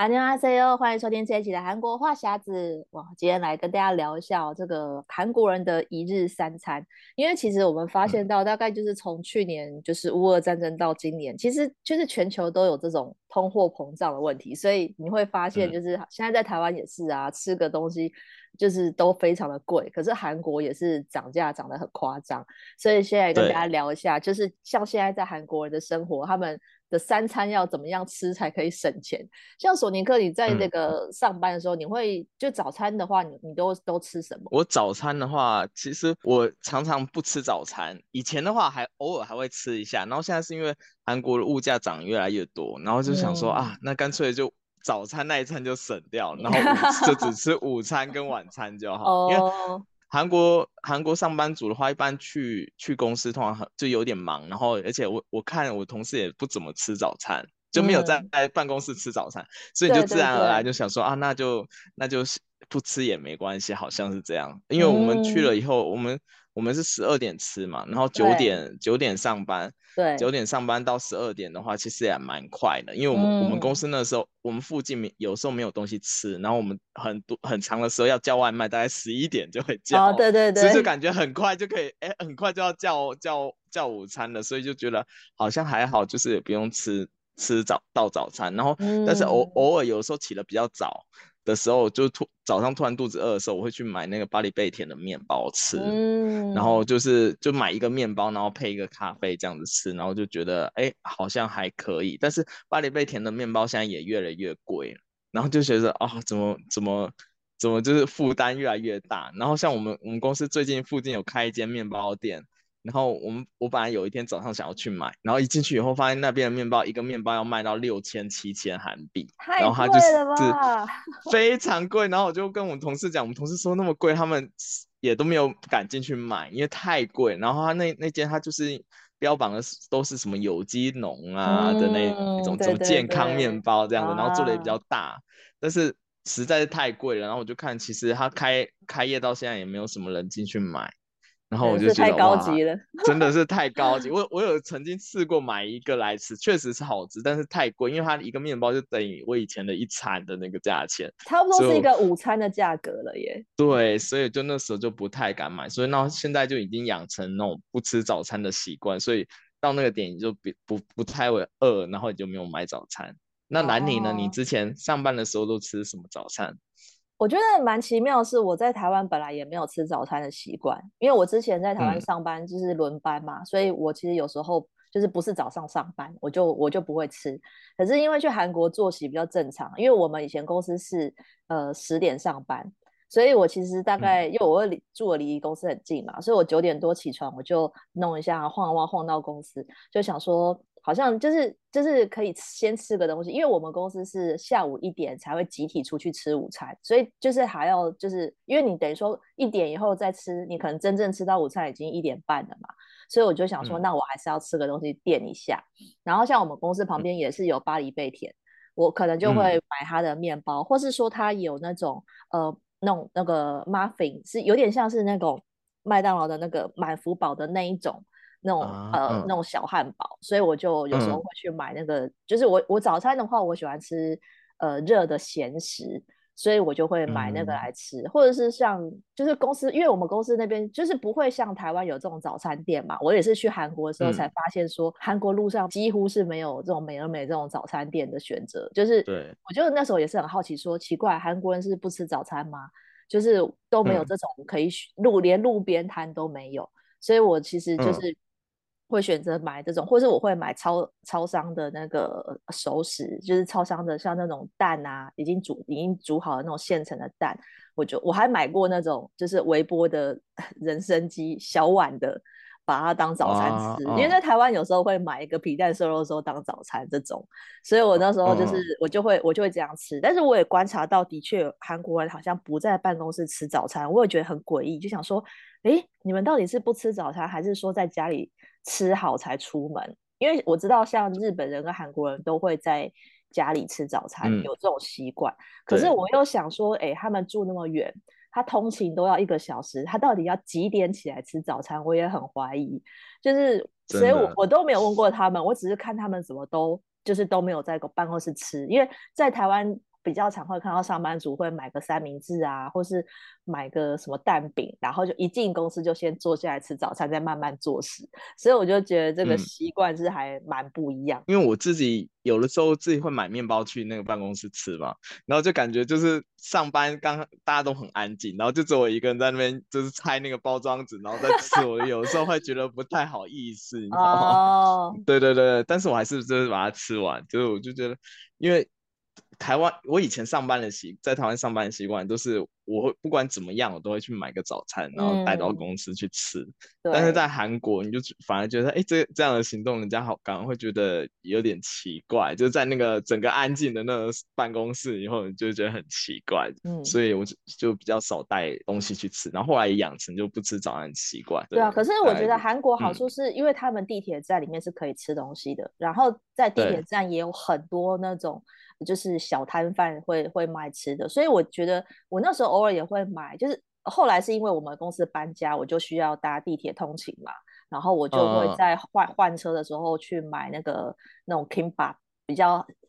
哈囉啊哈囉，歡迎收聽這一期的韓國話匣子。哇，今天來跟大家聊一下，哦、這個韓國人的一日三餐。因為其實我們發現到，大概就是從去年就是烏俄戰爭到今年，嗯、其實就是全球都有這種通貨膨脹的問題，所以你會發現就是現在在台灣也是啊，嗯、吃個東西。就是都非常的貴，可是韓國也是漲價漲得很誇張，所以現在跟大家聊一下，對就是像現在在韓國人的生活，他們的三餐要怎麼樣吃才可以省錢？像索尼克，你在那個上班的時候，嗯、你會就早餐的話，你你都都吃什麼？我早餐的話，其實我常常不吃早餐，以前的話還偶爾還會吃一下，然後現在是因為韓國的物價漲越來越多，然後就想說、嗯、啊，那乾脆就。早餐那一餐就省掉，然後 就只吃午餐跟晚餐就好。 因為韓國韓國上班族的話，一般去去公司通常很就有點忙，然後而且我我看我同事也不怎麼吃早餐，就沒有在在辦公室吃早餐，嗯、所以就自然而然就想說對對對啊，那就那就不吃也沒關係，好像是這樣。因為我們去了以後，嗯、我們。我們是十二點吃嘛，然後九點九對點上班，對，九點上班到十二點的話，其實也蠻快的，因為我們、嗯、我們公司那時候我們附近有時候沒有東西吃，然後我們很多很長的時候要叫外賣，大概十一點就會叫，哦、對對對，所以就感覺很快就可以，哎、欸，很快就要叫叫叫午餐了，所以就覺得好像還好，就是也不用吃吃早到早餐，然後、嗯、但是偶偶爾有的時候起得比較早。的時候就突早上突然肚子餓的時候，我會去買那個巴黎貝甜的麵包吃，嗯、然後就是就買一個麵包，然後配一個咖啡這樣子吃，然後就覺得哎好像還可以，但是巴黎貝甜的麵包現在也越來越貴，然後就覺得啊、哦、怎麼怎麼怎麼就是負擔越來越大，然後像我們我們公司最近附近有開一間麵包店。然後我們，我本來有一天早上想要去買，然後一進去以後，發現那邊的麵包一個麵包要賣到六千、七千韓幣，然後他就是非常貴。太貴了吧，然後我就跟我們同事講， 我們同事說那麼貴，他們也都沒有敢進去買，因為太貴。然後他那那間他就是標榜的都是什麼有機農啊的那一種、嗯、對對對什麼健康麵包這樣的，啊、然後做的也比較大，但是實在是太貴了。然後我就看，其實他開開業到現在也沒有什麼人進去買。然後我就覺得、嗯、太高級了， 真的是太高級。我我有曾經試過買一個來吃，確實是好吃，但是太貴，因為它一個麵包就等於我以前的一餐的那個價錢，差不多是一個以午餐的價格了耶。對，所以就那時候就不太敢買，所以那現在就已經養成那種不吃早餐的習慣，所以到那個點你就比不不太會餓，然後你就沒有買早餐。那蘭妮呢？哦、你之前上班的時候都吃什麼早餐？我覺得蠻奇妙，是我在台灣本來也沒有吃早餐的習慣，因為我之前在台灣上班就是輪班嘛，嗯、所以我其實有時候就是不是早上上班，我就我就不會吃。可是因為去韓國作息比較正常，因為我們以前公司是呃十點上班，所以我其實大概因為、嗯、我住離住我離公司很近嘛，所以我九點多起床，我就弄一下，晃一晃晃到公司，就想說。好像就是就是可以先吃個東西，因為我們公司是下午一點才會集體出去吃午餐，所以就是還要就是因為你等於說一點以後再吃，你可能真正吃到午餐已經一點半了嘛，所以我就想說，嗯、那我還是要吃個東西墊一下。然後像我們公司旁邊也是有巴黎貝甜，嗯、我可能就會買它的面包，或是說它有那種呃弄那種，那個 muffin，是有點像是那種麥當勞的那個滿福堡的那一種。那種、啊、嗯、呃那種小漢堡，所以我就有時候會去買那個。嗯、就是我我早餐的話，我喜歡吃呃熱的鹹食，所以我就會買那個來吃，嗯、或者是像就是公司，因為我們公司那邊就是不會像台灣有這種早餐店嘛。我也是去韓國的時候才發現說，說韓、嗯、國路上幾乎是沒有這種美而美這種早餐店的選擇。就是對，我就那時候也是很好奇說，說奇怪韓國人是不吃早餐嗎？就是都沒有這種可以路、嗯、連路邊攤都沒有，所以我其實就是。嗯會選擇買這種，或者我會買超超商的那個熟食，就是超商的像那種蛋啊，已經煮已經煮好的那種現成的蛋。我就我還買過那種就是微波的人參雞小碗的。把它當早餐吃，啊啊、因為在台灣有時候會買一個皮蛋瘦肉粥當早餐這種，所以我那時候就是我就會、啊、我就會這樣吃。但是我也觀察到，的確韓國人好像不在辦公室吃早餐，我也覺得很詭異，就想說，哎、欸，你們到底是不吃早餐，還是說在家裡吃好才出門？因為我知道像日本人跟韓國人都會在家裡吃早餐，嗯、有這種習慣。可是我又想說，哎、欸，他們住那麼遠。他通勤都要一個小時，他到底要幾點起來吃早餐？我也很懷疑，就是，所以我的我都沒有問過他們，我只是看他們怎麼都，就是都沒有在辦公室吃，因為在台灣。比較常會看到上班族會買個三明治啊，或是買個什麼蛋餅，然後就一進公司就先坐下來吃早餐，再慢慢做事。所以我就覺得這個習慣是還蠻不一樣。嗯，因為我自己有的時候自己會買麵包去那個辦公室吃嘛，然後就感覺就是上班剛大家都很安靜，然後就只有我一個人在那邊就是拆那個包裝紙，然後再吃。我有的時候會覺得不太好意思。 後哦。對對對，但是我還是就是把它吃完。就是我就覺得因為。台灣，我以前上班的習在台灣上班的習慣都是，我不管怎麼樣，我都會去買個早餐，嗯、然後帶到公司去吃。對但是在韓國，你就反而覺得，哎、欸，這這樣的行動，人家好像會覺得有點奇怪，就是在那個整個安靜的那個辦公室以後，你就覺得很奇怪。嗯，所以我就就比較少帶東西去吃，然後後來也養成就不吃早餐習慣。對，對啊，可是我覺得韓國好處是因為他們地鐵站裡面是可以吃東西的，嗯、然後在地鐵站也有很多那種。就是小攤販會會賣吃的，所以我覺得我那時候偶爾也會買。就是後來是因為我們公司搬家，我就需要搭地鐵通勤嘛，然後我就會在換換、嗯、車的時候去買那個那種 kimbap，比較懂懂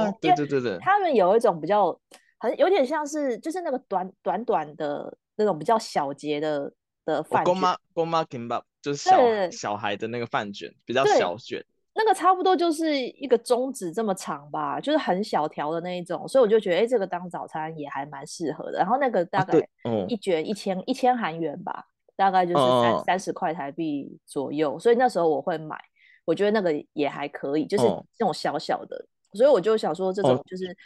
啊店，對對對對，他們有一種比較很有點像是就是那個短短短的那種比較小節的的飯捲 goma goma kimbap 就是小孩對小孩的那個飯捲，比較小捲。那個差不多就是一個中指這麼長吧，就是很小條的那一種，所以我就覺得，欸、這個當早餐也還蠻適合的。然後那個大概一卷1000、啊哦、一千一千韓元吧，大概就是三三十塊台幣左右，所以那時候我會買，我覺得那個也還可以，就是這種小小的，哦、所以我就想說，這種就是、哦、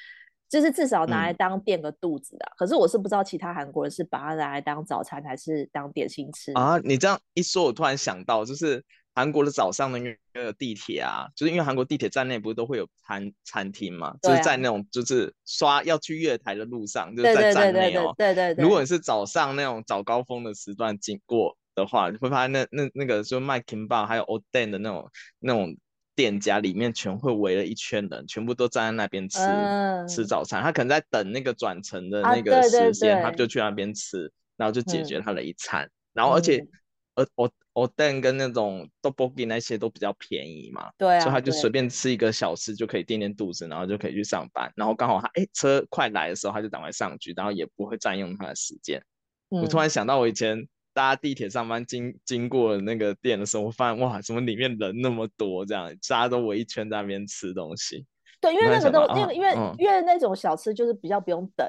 就是至少拿來當墊個肚子的。嗯、可是我是不知道其他韓國人是把它拿來當早餐還是當點心吃的啊？你這樣一說，我突然想到，就是。韓國的早上的那個地鐵啊，就是因為韓國地鐵站內不是都會有餐餐廳嘛，就是在那種就是刷要去月台的路上，啊、就是在站內哦。對，對對對對。對對對，如果你是早上那種早高峰的時段經過的話，你會發現那那那個就賣 kimbab 還有 oden 的那種那種店家裡面全會圍了一圈人，全部都站在那邊吃、嗯、吃早餐。他可能在等那個轉乘的那個時間，啊、對對對，他就去那邊吃，然後就解決他的一餐。嗯、然後而且。嗯呃，我我等跟那種都波比那些都比較便宜嘛，對、啊，所以他就隨便吃一個小吃就可以墊墊肚子，對然後就可以去上班。嗯、然後剛好他哎、欸、車快來的時候，他就趕快上去，然後也不會佔用他的時間。嗯、我突然想到，我以前搭地鐵上班經經過那個店的時候，我發現哇，怎麼裡面人那麼多？這樣大家都圍一圈在那邊吃東西。對，因為那個都、啊、因為因為、嗯、因為那種小吃就是比較不用等。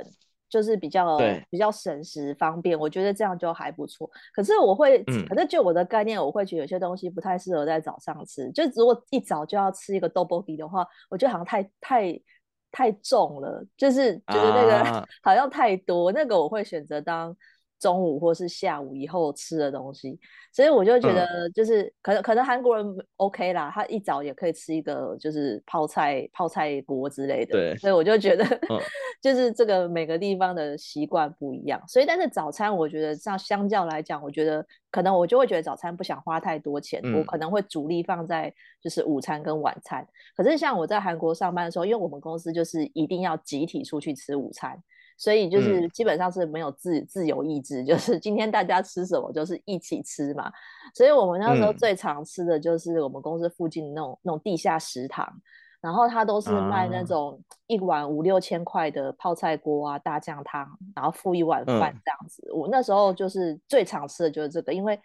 就是比較比較省時方便，對我覺得這樣就還不錯。可是我會，反正就我的概念，嗯、我會覺得有些東西不太適合在早上吃。就如果一早就要吃一個豆包的話，我覺得好像太太太重了，就是就是那個、啊、 好像太多，那個我會選擇當。中午或是下午以後吃的東西，所以我就覺得就是、嗯、可能可能韓國人 OK 啦，他一早也可以吃一個就是泡菜泡菜鍋之類的。對，所以我就覺得、嗯、 就是這個每個地方的習慣不一樣。所以但是早餐我覺得像相較來講，我覺得可能我就會覺得早餐不想花太多錢，嗯、我可能會主力放在就是午餐跟晚餐。可是像我在韓國上班的時候，因為我們公司就是一定要集體出去吃午餐。所以就是基本上是沒有自、嗯、自由意志，就是今天大家吃什麼就是一起吃嘛。所以我們那時候最常吃的就是我們公司附近那種、嗯、那種地下食堂，然後它都是賣那種一碗五六千塊的泡菜鍋啊、嗯、大醬湯，然後附一碗飯這樣子。嗯、我那時候就是最常吃的就是這個，因為。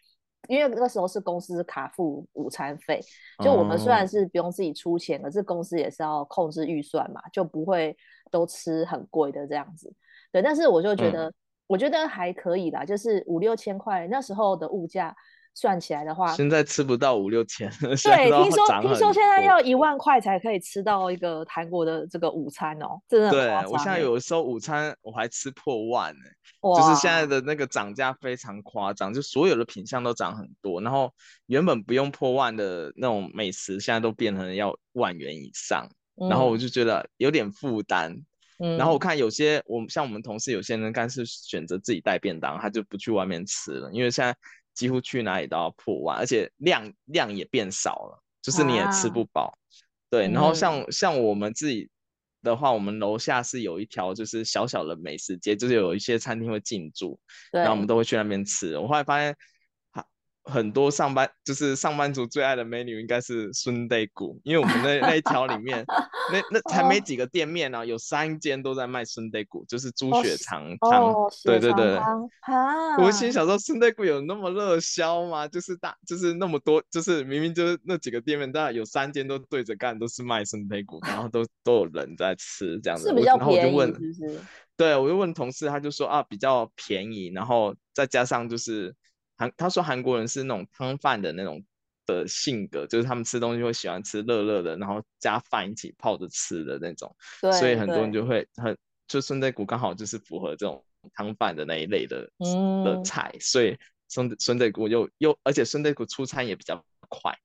因為那時候是公司卡付午餐費，就我們雖然是不用自己出錢，可、嗯嗯嗯、是公司也是要控制預算嘛，就不會都吃很貴的這樣子。對，但是我就覺得，嗯、我覺得還可以啦，就是五六千塊那時候的物價。算起來的話，現在吃不到五六千。對，現在聽說聽說現在要一萬塊才可以吃到一個韓國的這個午餐哦，真的很誇張。對，我現在有的時候午餐我還吃破萬呢、欸，哇就是現在的那個漲價非常誇張，就所有的品相都漲很多，然後原本不用破萬的那種美食，現在都變成要萬元以上，然後我就覺得有點負擔。嗯、然後我看有些我像我們同事有些人乾脆選擇自己帶便當，他就不去外面吃了，因為現在。幾乎去哪裡都要破萬，而且量量也變少了，就是你也吃不飽，啊、對。然後像、嗯、像我們自己的話，我們樓下是有一條就是小小的美食街，就是有一些餐廳會進駐，對然後我們都會去那邊吃。我後來發現。很多上班就是上班族最愛的美女，應該是順帶骨，因為我們那那一條裡面， 那那才沒幾個店面呢，哦、有三間都在賣順帶骨，就是豬血腸湯，哦、對對對。我心想說順帶骨有那麼熱銷嗎？就是大就是那麼多，就是明明就是那幾個店面，但有三間都對着幹，都是賣順帶骨，然後都都有人在吃這樣子。是不是比較便宜？然後我就問，對，我就問同事，他就說啊，比較便宜，然後再加上就是。韓他說韓國人是那種湯飯的那種的性格，就是他們吃東西會喜歡吃熱熱的，然後加飯一起泡着吃的那種，對所以很多人就會很對就孫德谷剛好就是符合這種湯飯的那一類的、嗯、的菜，所以孫孫德谷又又而且孫德谷出餐也比較快，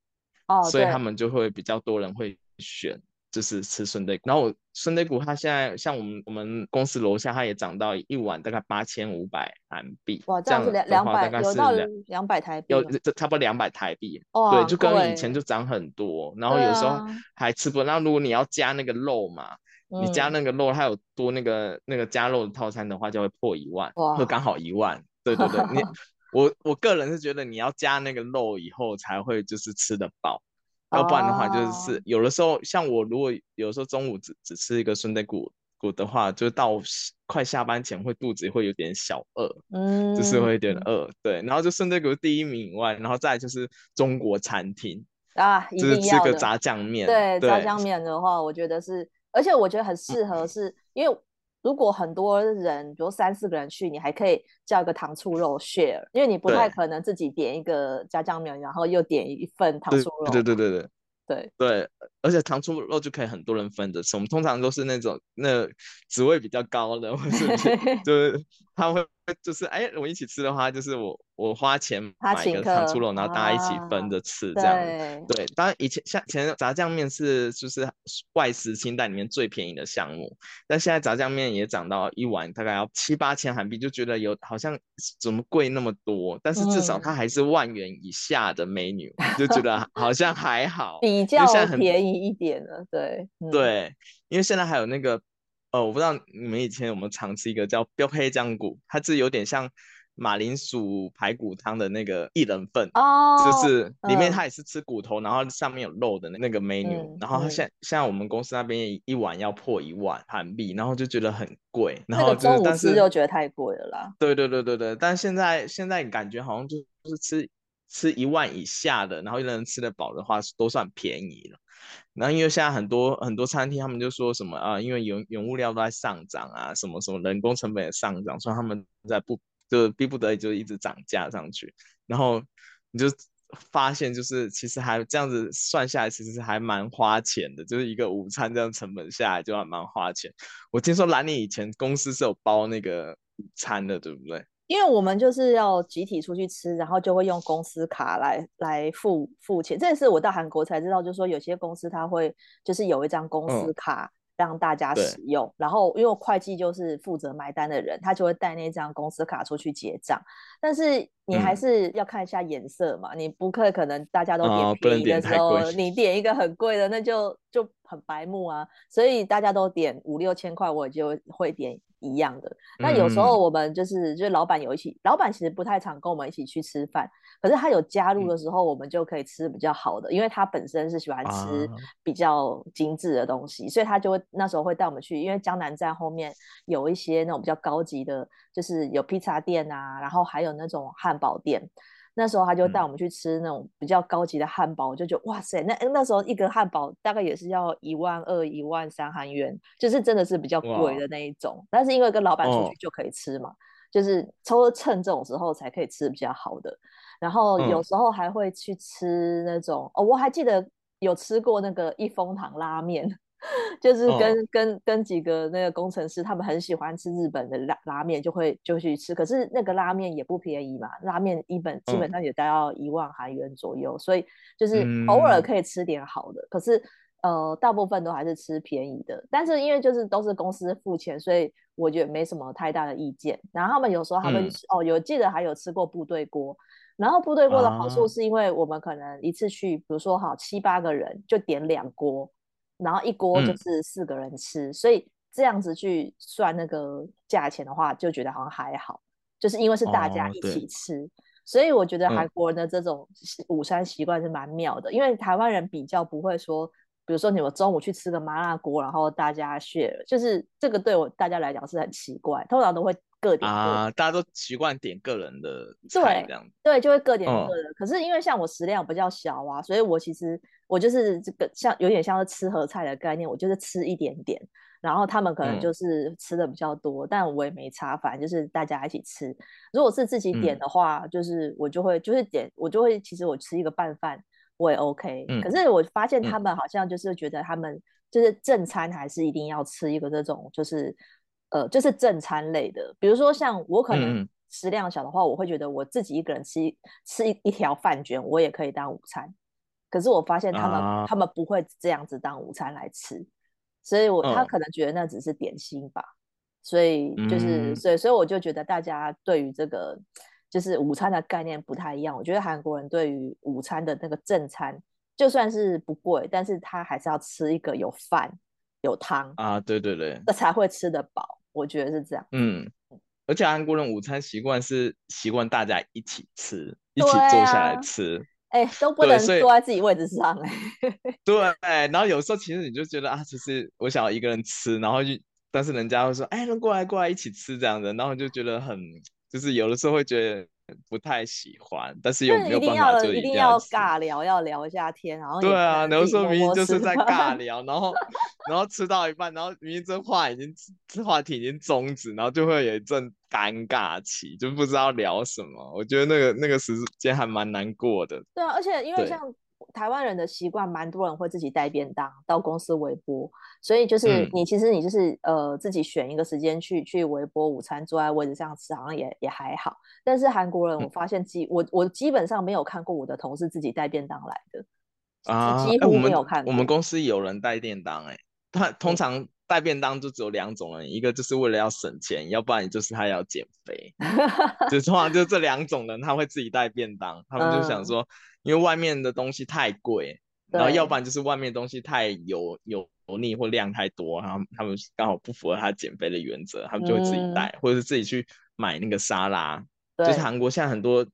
哦，所以他們就會比較多人會選。就是吃順德，然後我順德股它現在像我們我們公司樓下，它也漲到一碗大概八千五百韓幣，哇，這樣兩兩百，大概是有兩百台幣，有這差不多兩百台幣，哦啊、對，就跟以前就漲很多，哦啊、然後有時候還吃不，啊、那如果你要加那個肉嘛，嗯、你加那個肉，它有多那個那個加肉的套餐的話，就會破一萬，會剛哇好一萬，對對對， 你我我個人是覺得你要加那個肉以後才會就是吃得飽。要不然的話，就是有的時候，像我如果有的時候中午只只吃一個順德骨骨的話，就到快下班前會肚子會有點小餓，嗯，就是會有點餓，對。然後就順德骨第一名以外，然後再就是中國餐廳啊，就是吃個炸醬麵。對、啊，對，炸醬麵的話，我覺得是，而且我覺得很適合是，是因為。如果很多人，比如三四個人去，你還可以叫個糖醋肉 share，因為你不太可能自己點一個炸醬麵，對然後又點一份糖醋肉。對，對對對對。對對，而且糖醋肉就可以很多人分着吃。我們通常都是那種那個、職位比較高的，或是 他會就是哎，我們一起吃的話，就是我我花錢買一個糖醋肉，然後大家一起分着吃這樣。啊、對，對，當然以前像以前炸醬麵是就是外食清單裡面最便宜的項目，但現在炸醬麵也漲到一碗大概要七八千韓幣，就覺得有好像怎麼貴那麼多，但是至少它還是萬元以下的 menu，嗯，就覺得好像還好， 比較便宜一點了。對、嗯、對，因為現在還有那個。呃，我不知道你們以前我們常吃一個叫標黑醬骨，它是有點像馬鈴薯排骨湯的那個一人份，oh, 就是裡面它也是吃骨頭，嗯、然後上面有肉的那個 menu，嗯。然後它現現在我們公司那邊一碗要破一萬韓幣，然後就覺得很貴，然後就是，但是又覺得太貴了啦。對對對對對，但現在現在感覺好像就是吃。1 吃一萬以下的，然後一能人吃得飽的話都算便宜了。然後因為現在很多很多餐廳，他們就說什麼啊、呃，因為有有物料都在上漲啊，什麼什麼人工成本也上漲，所以他們在不就是逼不得已就一直漲價上去。然後你就發現就是其實還這樣子算下來，其實還蠻花錢的，就是一個午餐這樣成本下來就還蠻花錢。我聽說蘭尼以前公司是有包那個午餐的，對不對？因為我們就是要集體出去吃，然後就會用公司卡來來付付錢。這是我到韓國才知道，就是說有些公司他會就是有一張公司卡讓大家使用。哦、然後因為會計就是負責買單的人，他就會帶那張公司卡出去結賬。但是你還是要看一下眼色嘛，嗯、你不可可,可能大家都點便宜的時候，哦、點你點一個很貴的，那就就很白目啊。所以大家都點五六千塊，我就會點。一樣的，那有時候我們就是，就是老闆有一起，老闆其實不太常跟我們一起去吃飯，可是他有加入的時候，我們就可以吃比較好的，嗯、因為他本身是喜歡吃比較精緻的東西，啊、所以他就會那時候會帶我們去，因為江南站後面有一些那種比較高級的，就是有披薩店啊，然後還有那種漢堡店。那時候他就帶我們去吃那種比較高級的漢堡，我、嗯、就覺得哇塞，那那時候一個漢堡大概也是要一萬二、一萬三韓元，就是真的是比較貴的那一種。哇但是因為跟老闆出去就可以吃嘛，哦、就是偷偷趁這種時候才可以吃比較好的。然後有時候還會去吃那種、嗯、哦，我還記得有吃過那個一風堂拉麵。就是跟跟跟幾個那個工程師，他們很喜歡吃日本的拉拉麵，就會就去吃。可是那個拉麵也不便宜嘛，拉麵一本基本上也都要一萬韓元左右，所以就是偶爾可以吃點好的，可是呃大部分都還是吃便宜的。但是因為就是都是公司付錢，所以我覺得沒什麼太大的意見。然後他們有時候他們哦有記得還有吃過部隊鍋，然後部隊鍋的好處是因為我們可能一次去，比如說好七八個人就點兩鍋。然後一鍋就是四個人吃，嗯、所以這樣子去算那個價錢的話，就覺得好像還好，就是因為是大家一起吃，哦、所以我覺得韓國人的這種午餐習慣是蠻妙的，嗯、因為台灣人比較不會說。比如說你們中午去吃個麻辣鍋，然後大家 share 就是這個對我大家來講是很奇怪，通常都會各點各。啊，大家都習慣點個人的菜這樣對，對，就會各點各的。哦、可是因為像我食量比較小啊，所以我其實我就是這個像有點像是吃合菜的概念，我就是吃一點點。然後他們可能就是吃的比較多，嗯、但我也沒差反，反正就是大家一起吃。如果是自己點的話，嗯、就是我就會就是點我就會，其實我吃一個拌飯。我也 OK，、嗯、可是我發現他們好像就是覺得他們就是正餐還是一定要吃一個這種就是呃就是正餐類的，比如說像我可能食量小的話，嗯、我會覺得我自己一個人吃吃一一條飯卷，我也可以當午餐。可是我發現他們、啊、他們不會這樣子當午餐來吃，所以我、哦、他可能覺得那只是點心吧。所以就是、嗯、所以所以我就覺得大家對於這個。就是午餐的概念不太一樣，我覺得韓國人對於午餐的那個正餐，就算是不貴，但是他還是要吃一個有飯有湯啊，對對對，那才會吃得飽，我覺得是這樣。嗯，而且韓國人午餐習慣是習慣大家一起吃，啊、一起坐下來吃，哎、欸，都不能坐在自己位置上嘞、欸。對，然後有時候其實你就覺得啊，其、就是我想要一個人吃，然後就但是人家會說，哎，過來過來一起吃這樣的，然後就覺得很。就是有的時候會覺得不太喜歡，但是又沒有辦法就一一？一定要尬聊，要聊一下天，然後摸摸，對啊，然後說明明就是在尬聊， 然後然後吃到一半，然後明明這話已經，這話題已經終止，然後就會有一陣尷尬期，就不知道聊什麼。我覺得那個那個時間還蠻難過的。對啊，而且因為像。台灣人的習慣，蠻多人會自己帶便當到公司微波，所以就是你其實你就是、嗯、呃自己選一個時間去去微波午餐，坐在位子上吃，好像也也還好。但是韓國人，我發現基、嗯、我我基本上沒有看過我的同事自己帶便當來的，啊、幾乎沒有看、欸我。我們公司有人帶便當、欸，哎，他通常。帶便當就只有兩種人，一個就是為了要省錢，要不然就是他要減肥。 就通常就這兩種人，他會自己帶便當，他們就想說，嗯、因為外面的東西太貴，對然後要不然就是外面的東西太油、油膩或量太多，他他們剛好不符合他減肥的原則，嗯、他們就會自己帶，或者是自己去買那個沙拉，對就是韓國現在很多。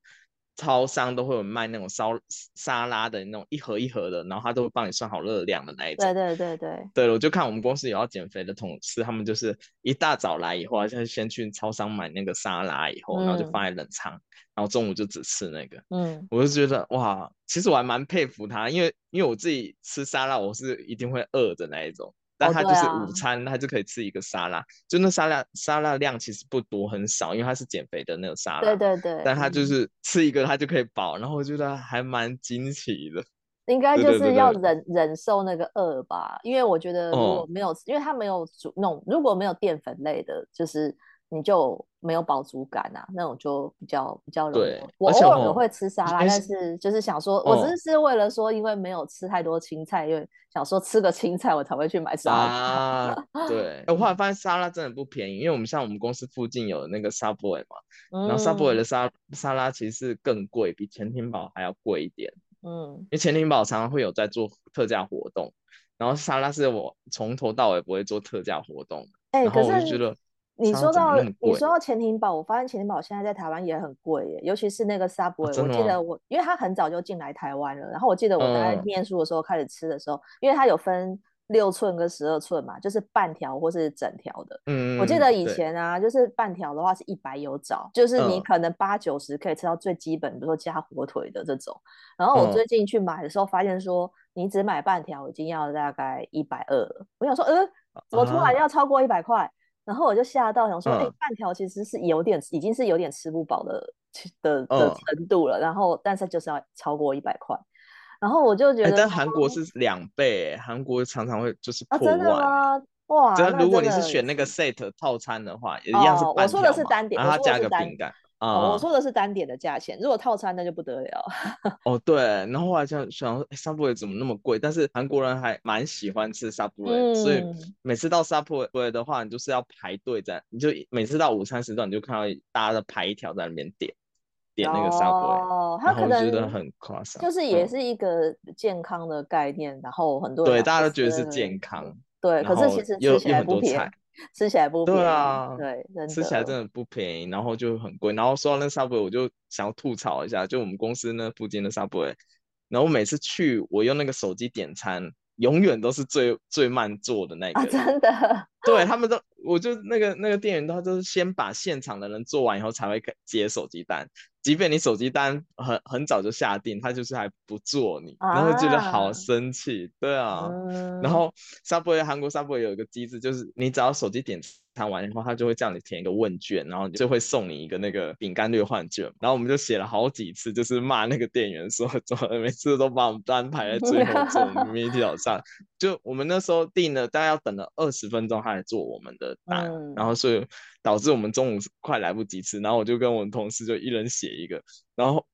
超商都會有賣那種燒沙拉的那種一盒一盒的，然後他都會幫你算好熱量的那一種。對對對對，對，我就看我們公司有要減肥的同事他們就是一大早來以後，就是先去超商買那個沙拉，以後、嗯、然後就放在冷藏。然後中午就只吃那個。嗯，我就覺得哇，其實我還蠻佩服他，因為因為我自己吃沙拉，我是一定會餓的那一種。但他就是午餐，哦，對啊、他就可以吃一個沙拉，就那沙拉沙拉量其實不多，很少，因為他是減肥的那個沙拉。對對對。但他就是吃一個，他就可以飽，嗯、然後我覺得還蠻驚奇的。應該就是要忍，對對對對，忍受那個餓吧，因為我覺得如果沒有，哦、因為他沒有煮弄，如果沒有澱粉類的，就是。你就沒有飽足感啊？那種就比較比較容易。對我偶爾會吃沙拉，但是就是想說，欸、我只是為了說，因為沒有吃太多青菜，嗯、因為想說吃個青菜，我才會去買沙拉。啊、 對，我後來發現沙拉真的不便宜，因為我們像我們公司附近有那個 Subway 嘛，嗯、然後 Subway 的沙沙拉其實更貴，比潛艇堡還要貴一點。嗯，因為潛艇堡常常會有在做特價活動，然後沙拉是我從頭到尾不會做特價活動，欸、然後我就覺得。你說到你說到潛艇堡，我發現潛艇堡現在在台灣也很貴耶，尤其是那個 Subway，啊、我記得我因為它很早就進來台灣了，然後我記得我在念書的時候，嗯、開始吃的時候，因為它有分六寸跟十二寸嘛，就是半條或是整條的。嗯，我記得以前啊，對就是半條的話是一百有找，就是你可能八九十可以吃到最基本，比如說加火腿的這種。然後我最近去買的時候，發現說，嗯、你只買半條我已經要大概一百二，我想說呃、嗯，我突然要超過一百塊。啊然後我就嚇到想說，哎、嗯，半條其實是有點，已經是有點吃不飽的的的、嗯、的程度了。然後，但是就是要超過一百塊。然後我就覺得，但韓國是兩倍，韓國常常會就是破萬。啊，真的嗎？哇，樣那真的如果你是選那個 set 是套餐的話，也一樣是半條，哦。我說的是單點，然後它加個餅乾。啊，我說的是單點的價錢，如果套餐那就不得了。 哦，對，然後後來想想，欸、subway 怎麼那麼貴？但是韓國人還蠻喜歡吃 subway。嗯、所以每次到 subway 的話，你就是要排隊在，你就每次到午餐時段，你就看到大家在排一條在那邊點點那個 subway 哦，他可能覺得很誇張。就是也是一個健康的概念，嗯、然後很多人、啊、對大家都覺得是健康，對，可是其實有有很多菜 吃起來不便宜，對，啊、對，吃起來真的不便宜，然後就很貴。然後說到那 subway，我就想要吐槽一下，就我們公司那附近的 subway，然後每次去我用那個手機點餐，永遠都是最最慢做的那個、啊，真的。對他們都，我就那個那個店員，他就是先把現場的人做完以後，才會接手機單。即便你手機單很很早就下定，他就是還不做你，啊、然後就覺得好生氣。對啊，嗯、然後 Subway 韓國 Subway、嗯韓國嗯、有一個機制，就是你只要手機點餐完以後，他就會叫你填一個問卷，然後就會送你一個那個餅乾兌換券。然後我們就寫了好幾次，就是罵那個店員說，怎麼每次都把我們單排在最後做，明天早上。 就我們那時候訂了，大概要等了二十分鐘，他來做我們的單，嗯、然後所以導致我們中午快來不及吃，然後我就跟我們同事就一人寫一個，然後。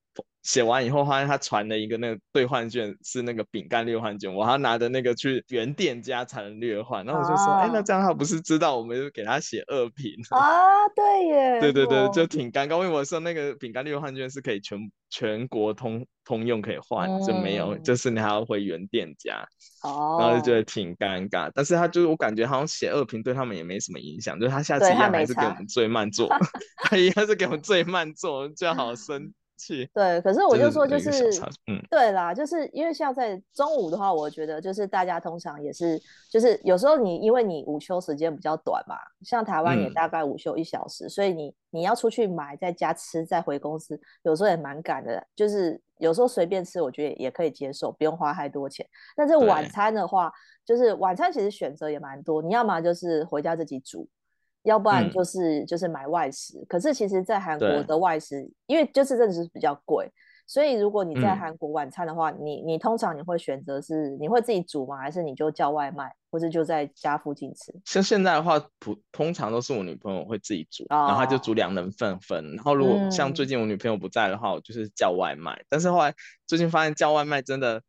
寫完以後，發現他傳了一個那個兌換券是那個餅乾兌換券，我還要拿着那個去原店家才能兌換。然後我就說，哎、啊，欸，那這樣他不是知道我們是不是給他寫二評啊？對耶。對對對，就挺尷尬。因為我說那個餅乾兌換券是可以全全國通通用可以換，嗯、就沒有，就是你還要回原店家。哦。然後就覺得挺尷尬，但是他就是我感覺好像寫二評對他們也沒什麼影響，就是他下次一樣還是給我們最慢做，他一樣 是給我們最慢做，最 好升。嗯對，可是我就說就是，就是嗯、對啦，就是因為像在中午的話，我覺得就是大家通常也是，就是有時候你因為你午休時間比較短嘛，像台灣也大概午休一小時，嗯、所以你你要出去買，在家吃再回公司，有時候也蠻趕的。就是有時候隨便吃，我覺得也可以接受，不用花太多錢。但是晚餐的話，對就是晚餐其實選擇也蠻多，你要嘛就是回家自己煮。要不然就是、嗯、就是買外食，可是其實，在韓國的外食，對因為就是真的是比較貴，所以如果你在韓國晚餐的話，嗯、你你通常你會選擇是你會自己煮嗎？還是你就叫外賣，或者就在家附近吃？像現在的話，普通常都是我女朋友會自己煮，哦、然後她就煮兩人份分。然後如果像最近我女朋友不在的話，嗯、我就是叫外賣。但是後來最近發現叫外賣真的。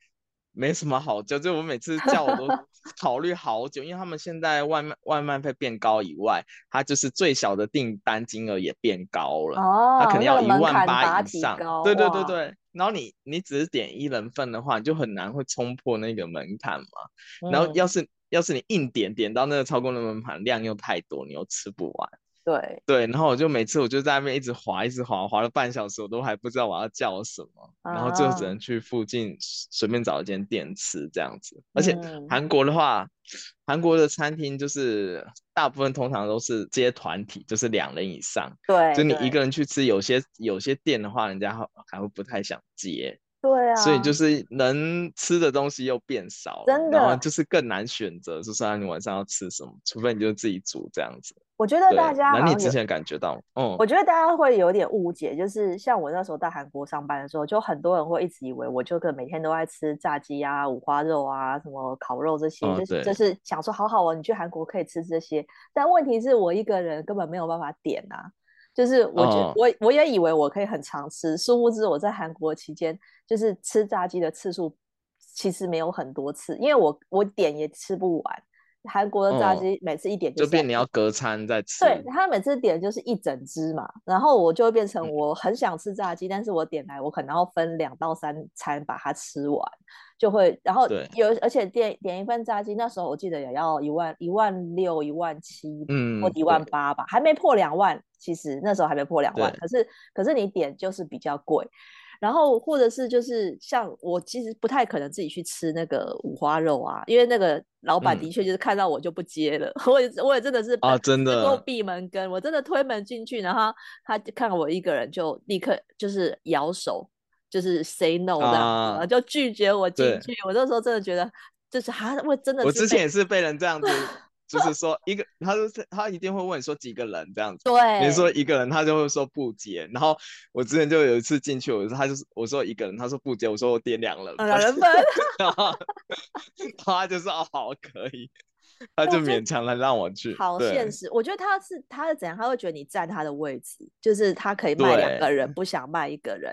沒什麼好叫，就我每次叫我都考慮好久， 因為他們現在外賣外賣費變高以外，它就是最小的訂單金額也變高了，哦、它可能要一萬八以上。對對對對，哇然後你你只是點一人份的話，你就很難會衝破那個門檻嘛。嗯、然後要是要是你硬點點到那個超過那個門檻，量又太多，你又吃不完。對對，然後我就每次我就在那邊一直滑，一直滑，滑了半小時，我都還不知道我要叫什麼，啊、然後最後只能去附近隨便找一間店吃這樣子。而且韓國的話，嗯、韓國的餐廳就是大部分通常都是這些團體，就是兩人以上。對，就你一個人去吃，對有些有些店的話，人家還會不太想接。對啊。所以就是能吃的東西又變少了，真的，然後就是更難選擇，就算你晚上要吃什麼，除非你就自己煮這樣子。我覺得大家好，那你之前感覺到？嗯，我覺得大家會有點誤解，就是像我那時候在韓國上班的時候，就很多人會一直以為我就可能每天都在吃炸雞啊、五花肉啊、什麼烤肉這些，哦、就是就是想說好好玩，你去韓國可以吃這些。但問題是我一個人根本沒有辦法點啊，就是我、哦、我我也以為我可以很常吃，殊不知我在韓國期間就是吃炸雞的次數其實沒有很多次，因為我我點也吃不完。韓國的炸雞每次一點就變，就你要隔餐再吃。對，他每次點就是一整隻嘛，然後我就會變成我很想吃炸雞，嗯、但是我點來我可能要分兩到三餐把它吃完，就會然後有對而且點點一份炸雞，那時候我記得也要一萬一萬六一萬七，嗯或一萬八吧，對還沒破兩萬，其實那時候還沒破兩萬，對可是可是你點就是比較貴。然後或者是就是像我其實不太可能自己去吃那個五花肉啊，因為那個老闆的確就是看到我就不接了，我也、嗯、我也真的是啊，真的給我閉門羹，我真的推門進去，然後他看我一個人就立刻就是搖手，就是 say no 的，啊、就拒絕我進去。對我那時候真的覺得就是哈、啊，我真的是我之前也是被人這樣子。 就是說，一個他就是他一定會問說幾個人這樣子。對，比如說一個人，他就會說不接。然後我之前就有一次進去，我說他就我說一個人，他說不接。我說我點兩人，兩人份。 然後他就說哦，好可以。他就勉強來讓我去，我好現實。對我覺得他是他是怎樣，他會覺得你佔他的位置，就是他可以賣兩個人，對不想賣一個人。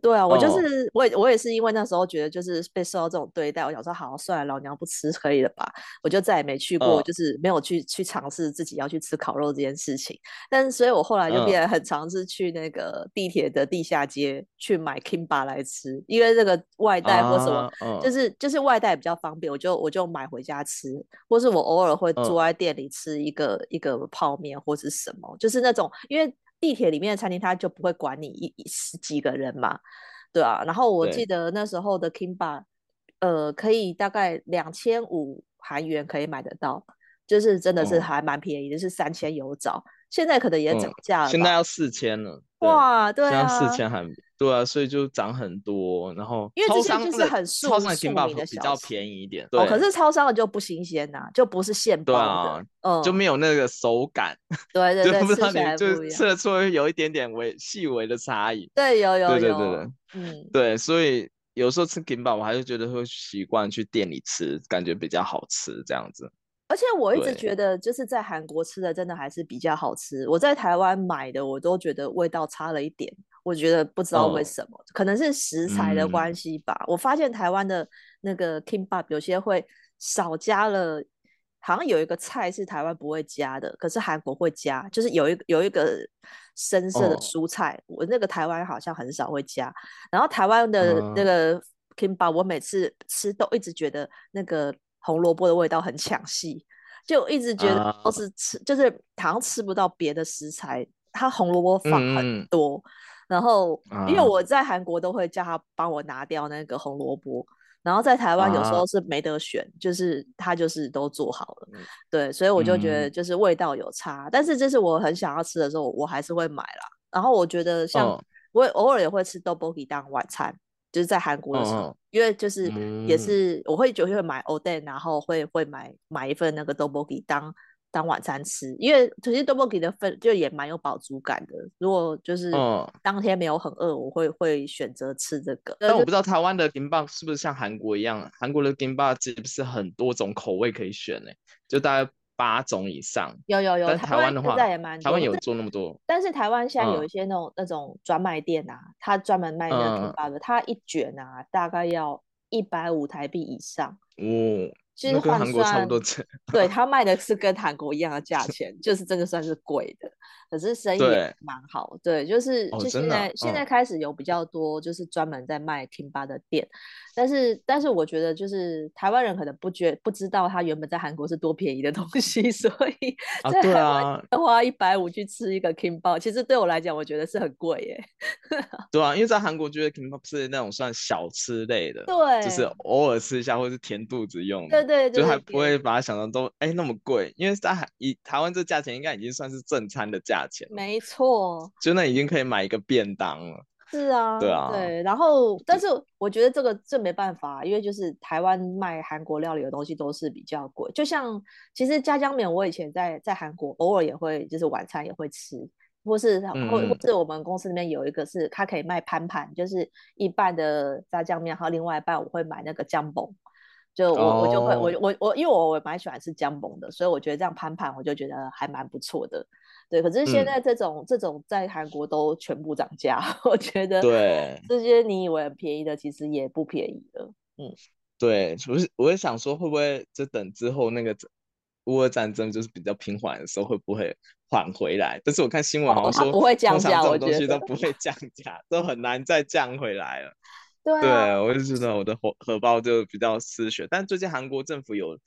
對啊，我就是、oh. 我也我也是因為那時候覺得就是被受到這種對待，我想說好，算了，老娘不吃可以了吧？我就再也沒去過，oh. 就是沒有去去嘗試自己要去吃烤肉這件事情。但是所以我後來就變得很嘗試去那個地鐵的地下街、oh. 去買 Kimbap 來吃，因為這個外帶或什麼、oh. oh. 就是，就是就是外帶比較方便，我就我就買回家吃，或是我。我偶爾會坐在店裡吃一個、嗯、一個泡面或者什麼，就是那種，因為地鐵裡面的餐廳他就不會管你一十幾個人嘛，對啊，然後我記得那時候的 KIMBA，對呃，可以大概兩千五韓元可以買得到，就是真的是還蠻便宜的，嗯、就是三千有找，現在可能也漲價了、嗯，現在要四千了，哇，對啊，四千韓元。對啊，所以就漲很多，然後因為就是很的超商 kimbab 比較便宜一點，對，可是超商的就不新鮮吶，就不是現包的啊，嗯，就沒有那個手感，對對對，吃起來就吃的出有一點點微細微的差異，對，有有有對對對對，嗯，對，所以有時候吃 kimbab 我還是覺得會習慣去店裡吃，感覺比較好吃這樣子。而且我一直覺得就是在韓國吃的真的還是比較好吃，我在台灣買的我都覺得味道差了一點。我覺得不知道為什麼，oh, 可能是食材的關係吧。嗯、我發現台灣的那個 kimbap 有些會少加了，好像有一個菜是台灣不會加的，可是韓國會加，就是有一有一個深色的蔬菜，oh, 我那個台灣好像很少會加。然後台灣的那個 kimbap 我每次吃都一直覺得那個紅蘿蔔的味道很搶戲，就一直覺得都是吃，oh, 就是好像吃不到別的食材，它紅蘿蔔放很多。Uh, 嗯然後，因為我在韓國都會叫他幫我拿掉那個紅蘿蔔，然後在台灣有時候是沒得選，啊、就是他就是都做好了，對，所以我就覺得就是味道有差，嗯、但是這是我很想要吃的時候，我還是會買啦。然後我覺得像、哦、我偶爾也會吃豆包雞當晚餐，就是在韓國的時候，哦哦、因為就是也是、嗯、我會就會買歐蛋，然後會會買買一份那個豆包雞當。當晚餐吃，因為其實 d o n b i 的份就也蠻有飽足感的。如果就是當天沒有很餓，嗯、我會會選擇吃這個。但我不知道台灣的 d 棒是不是像韓國一樣，韓國的 d 棒是不是很多種口味可以選呢？就大概八種以上。有有有。但台灣的話，台灣有做那麼多。但是，但是台灣現在有一些那種、嗯、那種專賣店啊，它專門賣那個 d o n，它一卷啊大概要一百五台幣以上。哦、嗯。其實換算差不多，對，他賣的是跟韓國一樣的價錢， 就是真的算是貴的，可是生意也蠻好。對，對，就是就現在、哦啊、現在開始有比較多，就是專門在賣聽吧的店。但是但是，但是我覺得就是台灣人可能不覺不知道他原本在韓國是多便宜的東西，所以在台灣、啊啊、花一百五去吃一個 kimbap 其實對我來講，我覺得是很貴耶。 對啊，因為在韓國覺得 kimbap 是那種算小吃類的，對，就是偶爾吃一下或是填肚子用的。對，對對，對。就還不會把它想成都哎、欸、那麼貴，因為在台以台灣這價錢應該已經算是正餐的價錢，沒錯，就那已經可以買一個便當了。是啊，對啊，對，然後，但是我覺得這個這沒辦法，對因為就是台灣賣韓國料理的東西都是比較貴，就像其實炸醬麵，我以前在在韓國偶爾也會就是晚餐也會吃，或是或、嗯、或是我們公司裡面有一個是他可以賣攀盤，就是一半的炸醬麵，還有另外一半我會買那個薑餅，就我、oh. 我就會我我我因為我我蠻喜歡吃薑餅的，所以我覺得這樣攀盤我就覺得還蠻不錯的。對，可是現在這種、嗯、這種在韓國都全部漲價，我覺得，對，這些你以為很便宜的，其實也不便宜了。嗯，對，我是我也想說，會不會就等之後那個烏俄戰爭就是比較平緩的時候，會不會緩回來？但是我看新聞好像說，哦、不會降價，我覺得不會降價，都很難再降回來了。對，啊、對，我就覺得我的荷荷包就比較失血。但最近韓國政府有。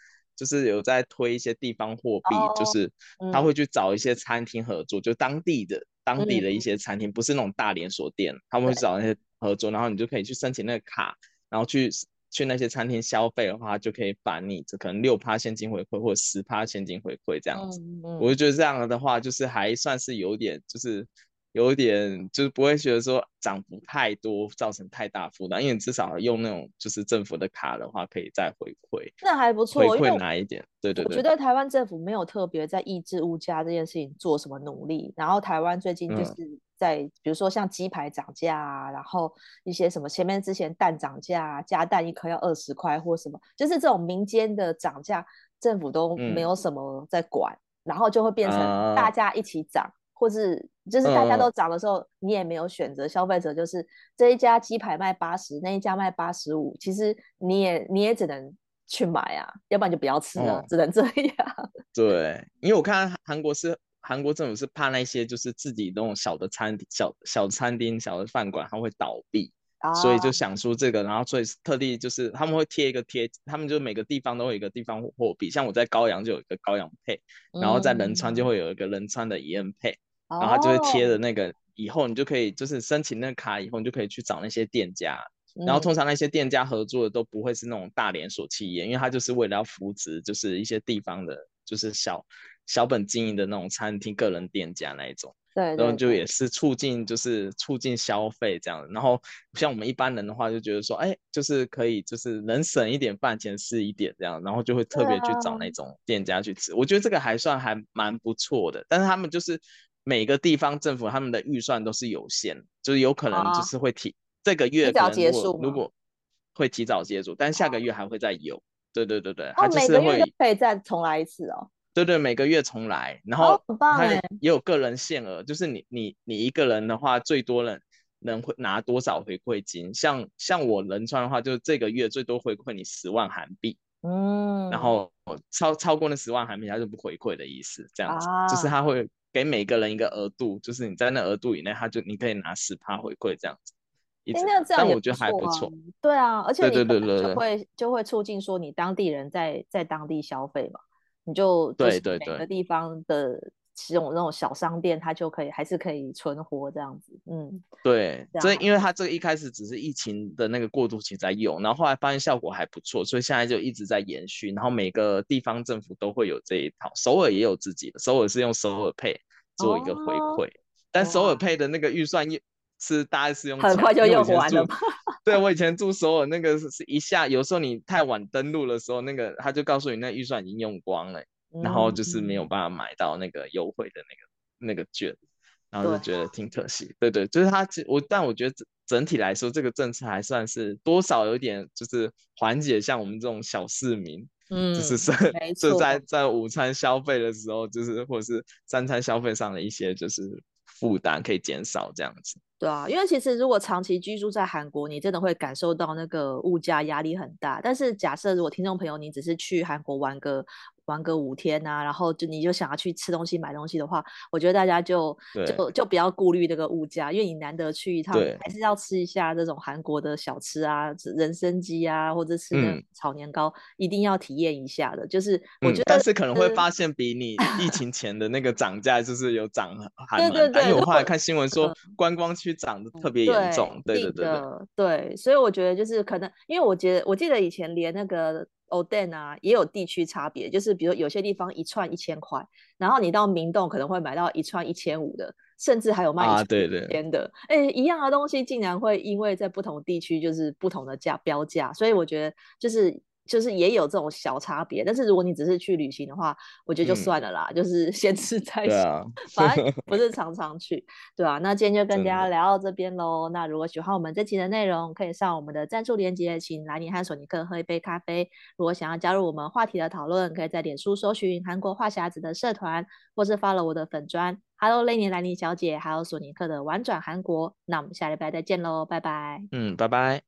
就是有在推一些地方貨幣，oh, 就是他會去找一些餐廳合作，嗯、就當地的當地的一些餐廳，不是那種大連鎖店，他們會找那些合作，對然後你就可以去申請那個卡，然後去去那些餐廳消費的話，就可以返你這可能六趴現金回饋或十趴現金回饋這樣子，嗯嗯、我就覺得這樣的話，就是還算是有點就是。有點就是不會覺得說漲幅太多造成太大負擔，因為你至少用那種就是政府的卡的話可以再回饋，那還不錯。回饋哪一點？對對對，我覺得台灣政府沒有特別在抑制物價這件事情做什麼努力。對對對，然後台灣最近就是在、嗯、比如說像雞排漲價啊，然後一些什麼前面之前蛋漲價啊，加蛋一顆要二十塊或什麼，就是這種民間的漲價，政府都沒有什麼在管，嗯、然後就會變成大家一起漲。啊或是，就是大家都漲的時候，你也沒有選擇。消費者就是這一家雞排賣八十，嗯，那一家賣八十五，其實你也你也只能去買啊，要不然就不要吃了，啊，嗯、只能這樣。對，因為我看韓國是韓國政府是怕那些就是自己那種小的餐小小餐廳、小的飯館它會倒閉，啊、所以就想出這個，然後所以特地就是他們會貼一個貼，他們就每個地方都有一個地方貨幣，像我在高陽就有一個高陽配，然後在仁川就會有一個仁川的仁配。嗯然後他就會貼的那個，oh, 以後你就可以就是申請那個卡，以後你就可以去找那些店家。嗯、然後通常那些店家合作的都不會是那種大連鎖企業，因為他就是為了要扶持，就是一些地方的，就是小小本經營的那種餐廳、個人店家那一種。對，對，對。然後就也是促進，就是促進消費這樣。然後像我們一般人的話，就覺得說，哎，就是可以，就是能省一點飯錢是一點這樣。然後就會特別去找那種店家去吃。啊、我覺得這個還算還蠻不錯的，但是他們就是。每個地方政府他們的預算都是有限，就是有可能就是會提，啊、這個月如果結束如果會提早結束，但下個月還會再有，啊、對對對對，他，啊、每個月可以再重來一次哦。對對，每個月重來，然後，哦，也有個人限額，就是你你你一個人的話，最多能能拿多少回饋金？像像我仁川的話，就是這個月最多回饋你十萬韓幣，嗯，然後超超過那十萬韓幣，它就不回饋的意思，這樣子，啊、就是它會。給每個人一個額度，就是你在那額度以內，他就你可以拿十趴回饋這樣子。欸、那這樣、啊、但我覺得還不錯、啊。對啊，而且你就對對對，對，對，對就會就會促進說你當地人在在當地消費嘛，你就對對對每個地方的。其實那種小商店，它就可以還是可以存活這樣子，嗯，對，這樣。所以因為它這個一開始只是疫情的那個過渡期在用，然後後來發現效果還不錯，所以現在就一直在延續，然後每個地方政府都會有這一套，首爾也有自己的，首爾是用首爾 Pay 做一個回饋，哦、但首爾 Pay 的那個預算是大概是用、哦、很快就用完了吧？我 對我以前住首爾那個是一下有時候你太晚登錄的時候，那個他就告訴你那預算已經用光了、欸。然後就是沒有辦法買到那個優惠的那個、嗯、那個券，然後就覺得挺可惜。對，對對，就是他我，但我覺得整整體來說，這個政策還算是多少有點就是緩解像我們這種小市民，嗯，就是在沒錯。就在在午餐消費的時候，就是或者是三餐消費上的一些就是負擔可以減少這樣子。對啊，因為其實如果長期居住在韓國，你真的會感受到那個物價壓力很大。但是假設如果聽眾朋友你只是去韓國玩個。玩個五天吶、啊，然後就你就想要去吃東西、買東西的話，我覺得大家就對就就不要顧慮這個物價，因為你難得去一趟，對還是要吃一下這種韓國的小吃啊，對人參雞啊，或者吃炒年糕，嗯、一定要體驗一下的。就是我覺得、就是嗯，但是可能會發現比你疫情前的那個漲價就是有漲，還蠻。 對，對對對。後來看新聞說，觀光區漲得特別嚴重。嗯、對，對對對，對，對，對，對，所以我覺得就是可能，因為我覺得我記得以前連那個。Oden 啊，也有地區差別，就是比如有些地方一串一千塊，然後你到明洞可能會買到一串一千五的，甚至還有賣一千,千的。哎、啊欸，一樣的東西竟然會因為在不同地區就是不同的價標價，所以我覺得就是。就是也有這種小差別，但是如果你只是去旅行的話，我覺得就算了啦，嗯、就是先吃再說，對啊、 反正不是常常去，對啊。那今天就跟大家聊到這邊嘍。的那如果喜歡我們這期的內容，可以上我們的贊助鏈接，請蘭尼和索尼克喝一杯咖啡。如果想要加入我們話題的討論，可以在臉書搜尋“韓國話匣子”的社團，或是 follow 我的粉專 “Hello 蘭尼萊尼小姐”還有索尼克的“玩轉韓國”。那我們下禮拜再見嘍，拜拜。嗯，拜拜。